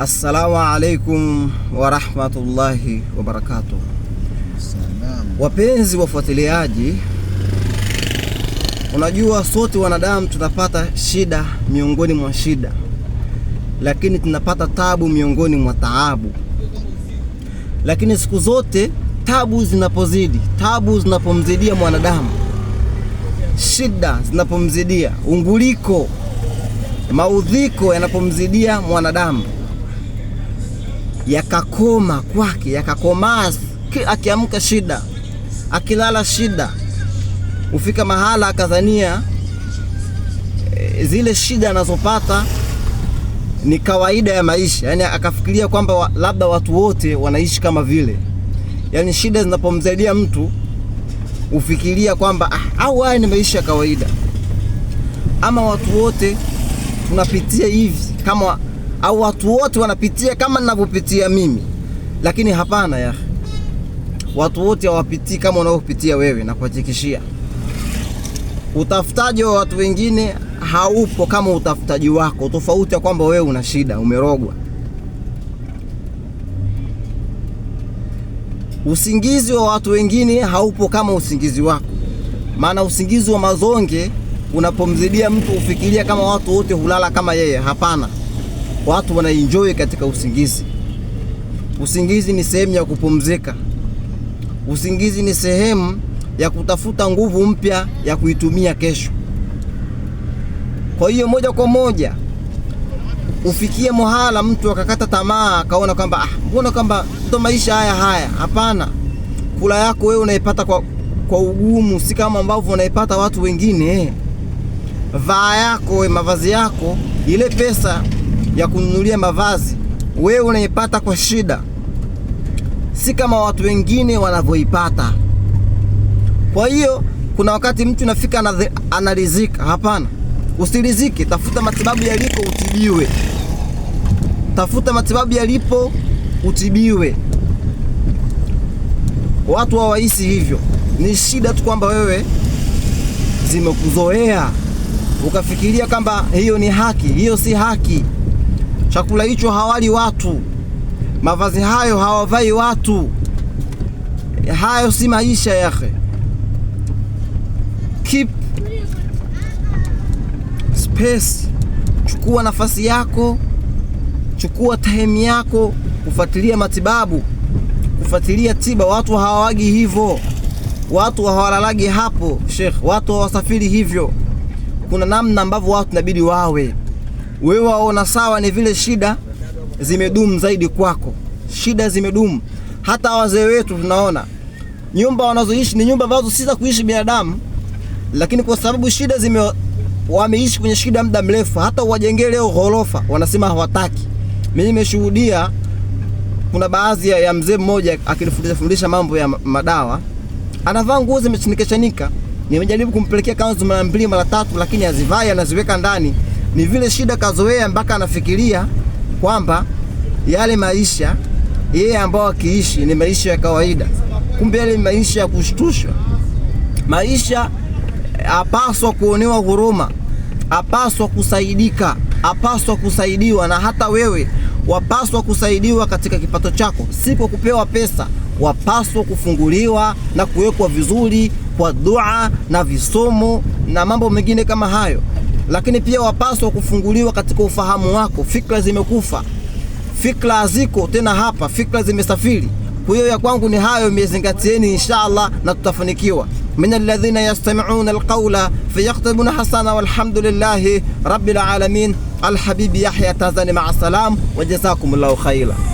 Assalamu alaikum warahmatullahi wabarakatuh. Wapenzi wafuatiliaji, unajua sote wanadamu tunapata shida miongoni mwa shida, lakini tunapata tabu miongoni mwa taabu, lakini siku zote tabu zinapozidi, tabu zinapomzidia mwanadamu, shida zinapomzidia, unguliko, maudhiko yanapomzidia mwanadamu yakakoma kwake, yakakomaa. Akiamka shida, akilala shida, hufika mahala akadhania eh, zile shida anazopata ni kawaida ya maisha, yani akafikiria kwamba wa, labda watu wote wanaishi kama vile, yani shida zinapomzaidia mtu hufikiria kwamba ah, au haya ni maisha ya kawaida, ama watu wote tunapitia hivi kama au watu wote wanapitia kama ninavyopitia mimi, lakini hapana ya watu wote hawapitii kama unavyopitia wewe, na kuhakikishia utafutaji wa watu wengine haupo kama utafutaji wako, tofauti ya kwamba wewe una shida, umerogwa. Usingizi wa watu wengine haupo kama usingizi wako, maana usingizi wa mazonge unapomzidia mtu ufikiria kama watu wote hulala kama yeye. Hapana watu wanaenjoy katika usingizi. Usingizi ni sehemu ya kupumzika. Usingizi ni sehemu ya kutafuta nguvu mpya ya kuitumia kesho. Kwa hiyo moja kwa moja ufikie mahala mtu akakata tamaa, akaona kwamba ah, mbona kwamba ndo maisha haya haya. Hapana, kula yako wewe unaipata kwa, kwa ugumu, si kama ambavyo unaipata watu wengine. Vaa yako, mavazi yako, ile pesa ya kununulia mavazi wewe unaipata kwa shida, si kama watu wengine wanavyoipata. Kwa hiyo kuna wakati mtu nafika analizika. Hapana, usilizike, tafuta matibabu yaliko utibiwe, tafuta matibabu yalipo utibiwe. Watu hawahisi hivyo, ni shida tu kwamba wewe zimekuzoea ukafikiria kwamba hiyo ni haki. Hiyo si haki. Chakula hicho hawali watu, mavazi hayo hawavai watu. Hayo si maisha yake. Keep space, chukua nafasi yako, chukua time yako kufuatilia matibabu, kufuatilia tiba. Watu hawawagi hivyo, watu hawalalagi hapo Sheikh, watu hawasafiri hivyo. Kuna namna ambavyo watu inabidi wawe wewe waona sawa, ni vile shida zimedumu zaidi kwako, shida zimedumu. Hata wazee wetu tunaona nyumba wanazoishi ni nyumba ambazo si za kuishi binadamu, lakini kwa sababu shida zime, wameishi kwenye shida muda mrefu, hata uwajengee leo ghorofa wanasema hawataki. Mimi nimeshuhudia kuna baadhi ya ya mzee mmoja akinifundisha fundisha mambo ya madawa, anavaa nguo zimechanika chanika. Nimejaribu kumpelekea kanzu mara mbili mara tatu, lakini azivai, anaziweka ndani. Ni vile shida kazoea mpaka anafikiria kwamba yale maisha yeye ambao akiishi ni maisha ya kawaida, kumbe yale maisha ya kushtushwa. Maisha eh, apaswa kuonewa huruma, apaswa kusaidika, apaswa kusaidiwa, na hata wewe wapaswa kusaidiwa katika kipato chako, si kwa kupewa pesa. Wapaswa kufunguliwa na kuwekwa vizuri kwa dua na visomo na mambo mengine kama hayo lakini pia wapaswa kufunguliwa katika ufahamu wako. Fikra zimekufa, fikra haziko tena hapa, fikra zimesafiri. Kwa hiyo ya kwangu ni hayo, miezingatieni inshallah na tutafanikiwa. min alladhina yastami'una alqawla fayaktabuna hasana, walhamdulillahi rabbil alamin. Alhabibi Yahya, tazani Maa salam, wa wajazakumullahu khaira.